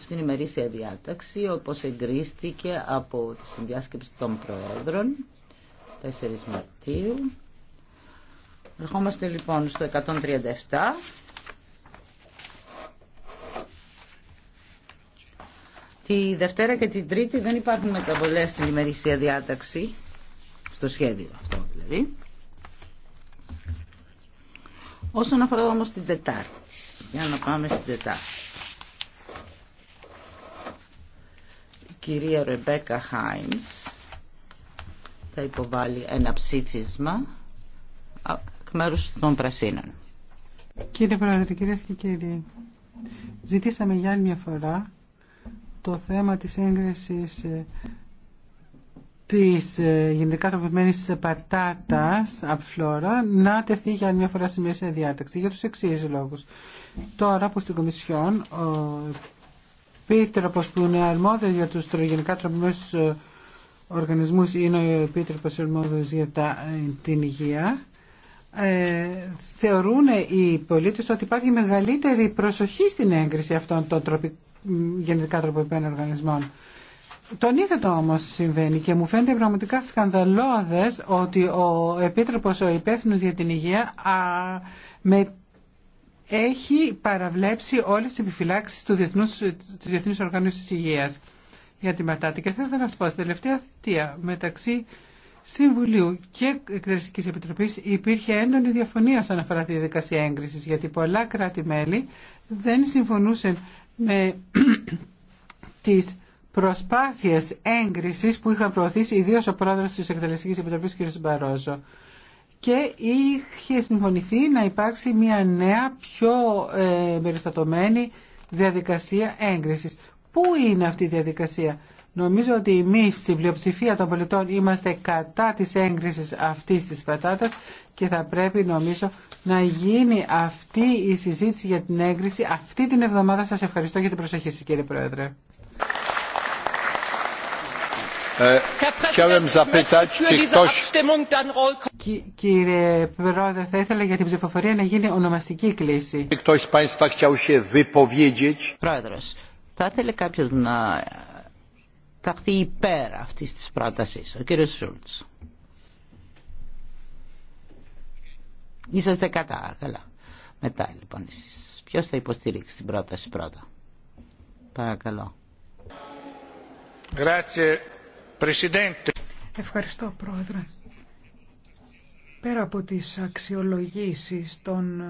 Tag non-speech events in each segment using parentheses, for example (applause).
στην ημερήσια διάταξη όπως εγκρίστηκε από τη συνδιάσκεψη των Προέδρων 4 Μαρτίου. Ερχόμαστε λοιπόν στο 137. Τη Δευτέρα και την Τρίτη δεν υπάρχουν μεταβολές στην ημερήσια διάταξη, στο σχέδιο αυτό δηλαδή. Όσον αφορά όμως την Τετάρτη, για να πάμε στην Τετάρτη. κυρία Ρεμπέκα Χάιμς, θα υποβάλει ένα ψήφισμα εκ μέρους των Πρασίνων. Κύριε Πρόεδρε, κυρίε και κύριοι, ζητήσαμε για άλλη μια φορά το θέμα της έγκρισης ε, της ε, γενικά τροποποιημένης πατάτας φλόρα να τεθεί για άλλη μια φορά στη Μέση διάταξη για τους εξής λόγους. Τώρα που στην Κομισιόν επίτροπος που είναι αρμόδιος για τους τρογενικά τροπημένους ε, οργανισμούς είναι ο επίτροπος αρμόδιος για ε, την υγεία ε, θεωρούν οι πολίτες ότι υπάρχει μεγαλύτερη προσοχή στην έγκριση αυτών των τροπι... γενετικά τροποποιημένων οργανισμών. Τον ήθετο όμως συμβαίνει και μου φαίνεται πραγματικά σκανδαλώδες ότι ο Επίτροπος, ο υπεύθυνο για την Υγεία, α, έχει παραβλέψει όλες τις επιφυλάξεις του Διεθνούς, της διεθνούς Οργάνωσης Υγείας για τη Ματάτη. Και θα να σας πω, στην τελευταία θητεία μεταξύ Συμβουλίου και Εκτελεστικής Επιτροπής υπήρχε έντονη διαφωνία όσον αφορά τη διαδικασία έγκρισης, γιατί πολλά κράτη-μέλη δεν συμφωνούσαν με (clears throat) τις προσπάθειες έγκρισης που είχαν προωθήσει ιδίως ο πρόεδρος της Εκτελεστικής Επιτροπής κ. Μπαρόζο και είχε συμφωνηθεί να υπάρξει μια νέα πιο ε, περιστατωμένη διαδικασία έγκρισης. Πού είναι αυτή η διαδικασία. Νομίζω ότι εμεί στην πλειοψηφία των πολιτών είμαστε κατά της έγκρισης αυτής της πατάτας και θα πρέπει νομίζω να γίνει αυτή η συζήτηση για την έγκριση αυτή την εβδομάδα. Σας ευχαριστώ για την προσοχή σας κύριε Πρόεδρε. Ε, Κύριε Πρόεδρε, θα ήθελα για την ψηφοφορία να γίνει ονομαστική κλίση. Πρόεδρος, θα ήθελε κάποιο να ταχθεί υπέρ αυτή τη πρόταση, Ο κύριο Σούλτ. Είσαστε κατά, καλά. Μετά λοιπόν εσείς. Ποιος θα υποστηρίξει την πρόταση πρώτα. Παρακαλώ. Ευχαριστώ Πρόεδρε. Πέρα από τις αξιολογήσεις των ε,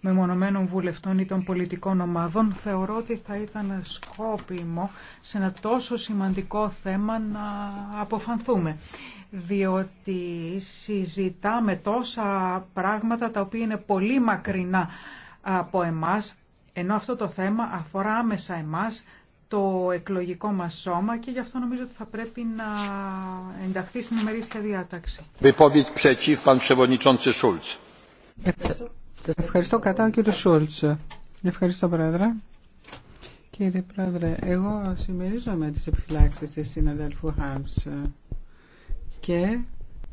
μεμονωμένων βουλευτών ή των πολιτικών ομάδων, θεωρώ ότι θα ήταν σκόπιμο σε ένα τόσο σημαντικό θέμα να αποφανθούμε. Διότι συζητάμε τόσα πράγματα τα οποία είναι πολύ μακρινά από εμάς, ενώ αυτό το θέμα αφορά άμεσα εμάς, το εκλογικό μας σώμα και γι' αυτό νομίζω ότι θα πρέπει να ενταχθεί στην ημερήσια διάταξη. Ευχαριστώ κατά ο κύριος Σούλτς. Ευχαριστώ πρόεδρε. Κύριε πρόεδρε, εγώ συμμερίζομαι τις επιφυλάξεις της συναδέλφου Χάμς και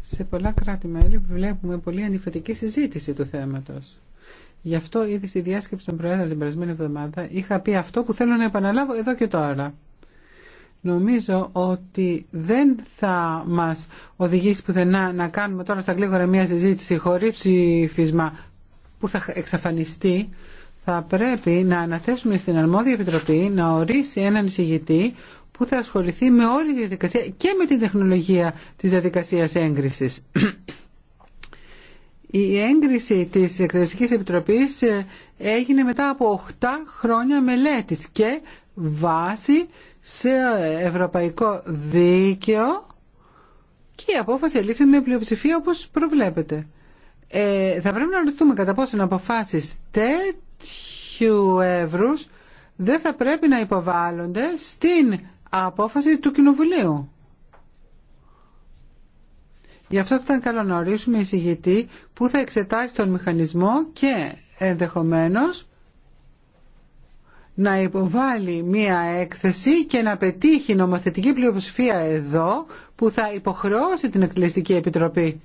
σε πολλά κράτη-μέλη βλέπουμε πολύ αντιφατική συζήτηση του θέματος. Γι' αυτό ήδη στη διάσκεψη των Προέδρων την περασμένη εβδομάδα είχα πει αυτό που θέλω να επαναλάβω εδώ και τώρα. Νομίζω ότι δεν θα μας οδηγήσει πουθενά να κάνουμε τώρα στα γλίγορα μια συζήτηση χωρί ψηφισμά που θα εξαφανιστεί. Θα πρέπει να αναθέσουμε στην αρμόδια επιτροπή να ορίσει έναν εισηγητή που θα ασχοληθεί με όλη τη διαδικασία και με την τεχνολογία της διαδικασίας έγκρισης. Η έγκριση της Εκτελεστικής Επιτροπής ε, έγινε μετά από 8 χρόνια μελέτης και βάση σε ευρωπαϊκό δίκαιο και η απόφαση ελήφθη με πλειοψηφία όπως προβλέπετε. Ε, θα πρέπει να ρωτούμε κατά πόσον αποφάσεις τέτοιου εύρους δεν θα πρέπει να υποβάλλονται στην απόφαση του Κοινοβουλίου. Γι' αυτό θα ήταν καλό να ορίσουμε εισηγητή που θα εξετάσει τον μηχανισμό και ενδεχομένως να υποβάλει μία έκθεση και να πετύχει νομοθετική πλειοψηφία εδώ που θα υποχρεώσει την Εκτελεστική Επιτροπή.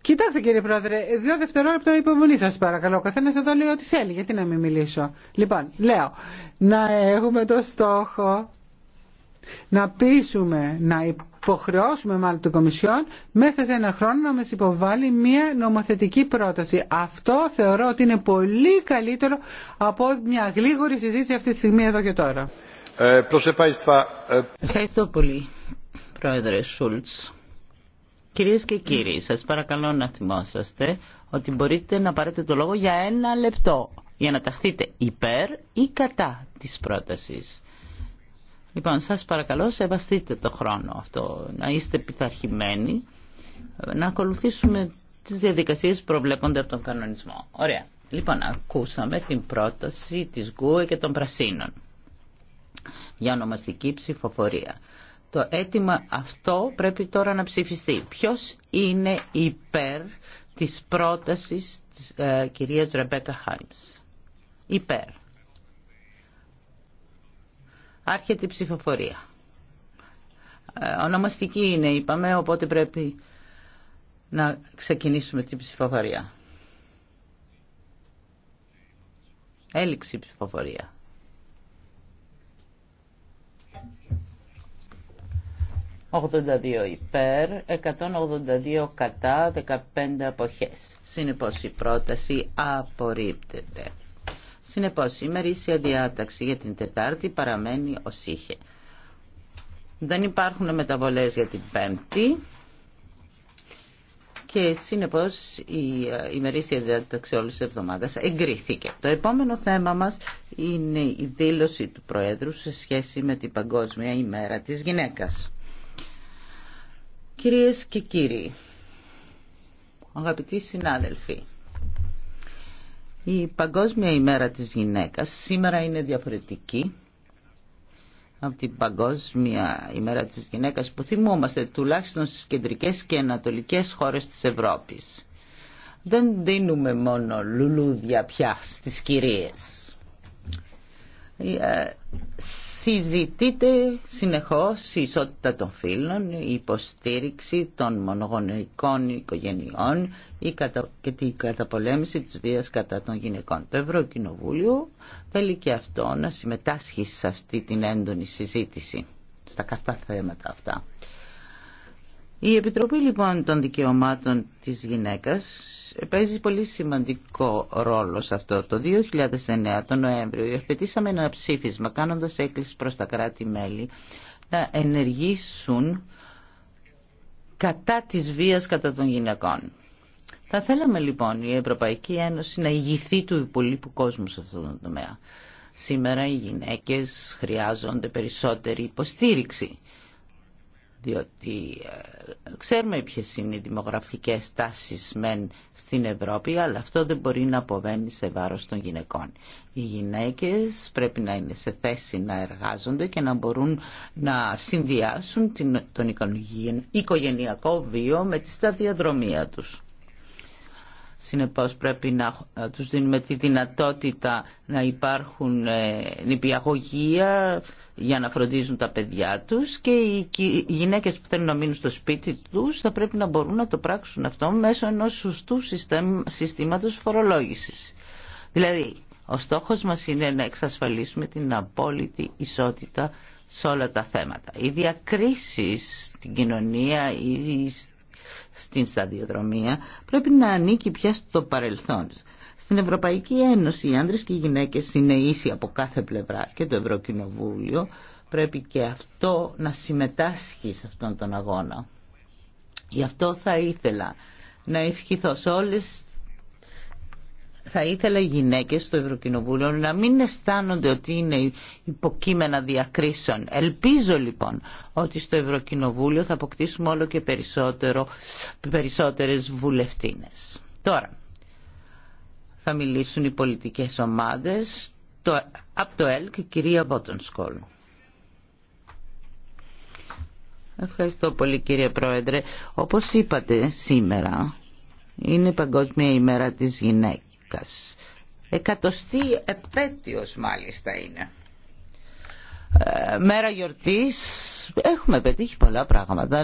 Κοιτάξτε κύριε Πρόεδρε, δύο δευτερόλεπτα υπομονή σας παρακαλώ. Καθένα εδώ λέει ό,τι θέλει, γιατί να μην μιλήσω. Λοιπόν, λέω, να έχουμε το στόχο να πείσουμε να υποχρεώσουμε μάλλον την Κομισιόν μέσα σε ένα χρόνο να μας υποβάλει μια νομοθετική πρόταση. Αυτό θεωρώ ότι είναι πολύ καλύτερο από μια γλίγορη συζήτηση αυτή τη στιγμή εδώ και τώρα. Ε, ε, Ευχαριστώ πολύ, Πρόεδρε Σούλτς. Κυρίες και κύριοι, σας παρακαλώ να θυμόσαστε ότι μπορείτε να πάρετε το λόγο για ένα λεπτό για να ταχθείτε υπέρ ή κατά της πρότασης. Λοιπόν, σας παρακαλώ, σεβαστείτε το χρόνο αυτό, να είστε πειθαρχημένοι, να ακολουθήσουμε τις διαδικασίες που προβλέπονται από τον κανονισμό. Ωραία. Λοιπόν, ακούσαμε την πρόταση της ΓΚΟΕ και των Πρασίνων για ονομαστική ψηφοφορία. Το αίτημα αυτό πρέπει τώρα να ψηφιστεί. Ποιος είναι υπέρ της πρότασης της ε, κυρίας Ρεμπέκα Χάιμς. Υπέρ. Άρχεται η ψηφοφορία. Ε, ονομαστική είναι, είπαμε, οπότε πρέπει να ξεκινήσουμε την ψηφοφορία. Έληξη ψηφοφορία. ...82 υπέρ, 182 κατά, 15 αποχές. Συνεπώς η πρόταση απορρίπτεται. Συνεπώς, η ημερήσια διάταξη για την Τετάρτη παραμένει ω είχε. Δεν υπάρχουν μεταβολές για την Πέμπτη και συνεπώς η ε, ημερήσια διάταξη ολη τη εβδομάδας εγκρίθηκε. Το επόμενο θέμα μας είναι η δήλωση του Προέδρου σε σχέση με την Παγκόσμια ημέρα της γυναίκας. Κυρίες και κύριοι, αγαπητοί συνάδελφοι, η Παγκόσμια ημέρα της γυναίκας σήμερα είναι διαφορετική από την Παγκόσμια ημέρα της γυναίκας που θυμόμαστε τουλάχιστον στις κεντρικές και ανατολικές χώρες της Ευρώπης. Δεν δίνουμε μόνο λουλούδια πια στις κυρίες. Ε, συζητείται συνεχώς η ισότητα των φύλων, η υποστήριξη των μονογονεϊκών οικογενειών και την καταπολέμηση της βίας κατά των γυναικών. Το Ευρωκοινοβούλιο θέλει και αυτό να συμμετάσχει σε αυτή την έντονη συζήτηση στα καυτά θέματα αυτά. Η Επιτροπή λοιπόν των Δικαιωμάτων της Γυναίκας παίζει πολύ σημαντικό ρόλο σε αυτό. Το 2009 τον Νοέμβριο υιοθετήσαμε ένα ψήφισμα κάνοντας έκκληση προς τα κράτη-μέλη να ενεργήσουν κατά της βίας κατά των γυναικών. Θα θέλαμε λοιπόν η Ευρωπαϊκή Ένωση να ηγηθεί του υπολείπου κόσμου σε αυτόν τον τομέα. Σήμερα οι γυναίκες χρειάζονται περισσότερη υποστήριξη διότι ε, ξέρουμε ποιες είναι οι δημογραφικές τάσεις μεν στην Ευρώπη, αλλά αυτό δεν μπορεί να αποβαίνει σε βάρος των γυναικών. Οι γυναίκες πρέπει να είναι σε θέση να εργάζονται και να μπορούν να συνδυάσουν τον οικογενειακό βίο με τη σταδιαδρομία τους. Συνεπώς πρέπει να ε, τους δίνουμε τη δυνατότητα να υπάρχουν ε, νηπιαγωγεία για να φροντίζουν τα παιδιά τους και οι γυναίκες που θέλουν να μείνουν στο σπίτι τους θα πρέπει να μπορούν να το πράξουν αυτό μέσω ενός σωστού συστήματος φορολόγησης. Δηλαδή, ο στόχος μας είναι να εξασφαλίσουμε την απόλυτη ισότητα σε όλα τα θέματα. Οι διακρίσεις στην κοινωνία, στην σταδιοδρομία πρέπει να ανήκει πια στο παρελθόν. Στην Ευρωπαϊκή Ένωση οι άντρες και οι γυναίκες είναι ίσοι από κάθε πλευρά και το Ευρωκοινοβούλιο πρέπει και αυτό να συμμετάσχει σε αυτόν τον αγώνα. Γι' αυτό θα ήθελα να ευχηθώ σε όλες θα ήθελα οι γυναίκες στο Ευρωκοινοβούλιο να μην αισθάνονται ότι είναι υποκείμενα διακρίσεων. Ελπίζω λοιπόν ότι στο Ευρωκοινοβούλιο θα αποκτήσουμε όλο και περισσότερο, περισσότερες βουλευτίνες. Τώρα, θα μιλήσουν οι πολιτικές ομάδες το, από το ΕΛΚ, η κυρία Βότονσκολ. Ευχαριστώ πολύ κύριε Πρόεδρε. Όπως είπατε σήμερα, είναι η Παγκόσμια ημέρα της γυναίκας. Εκατοστή επέτειος μάλιστα είναι. Ε, μέρα γιορτής έχουμε πετύχει πολλά πράγματα.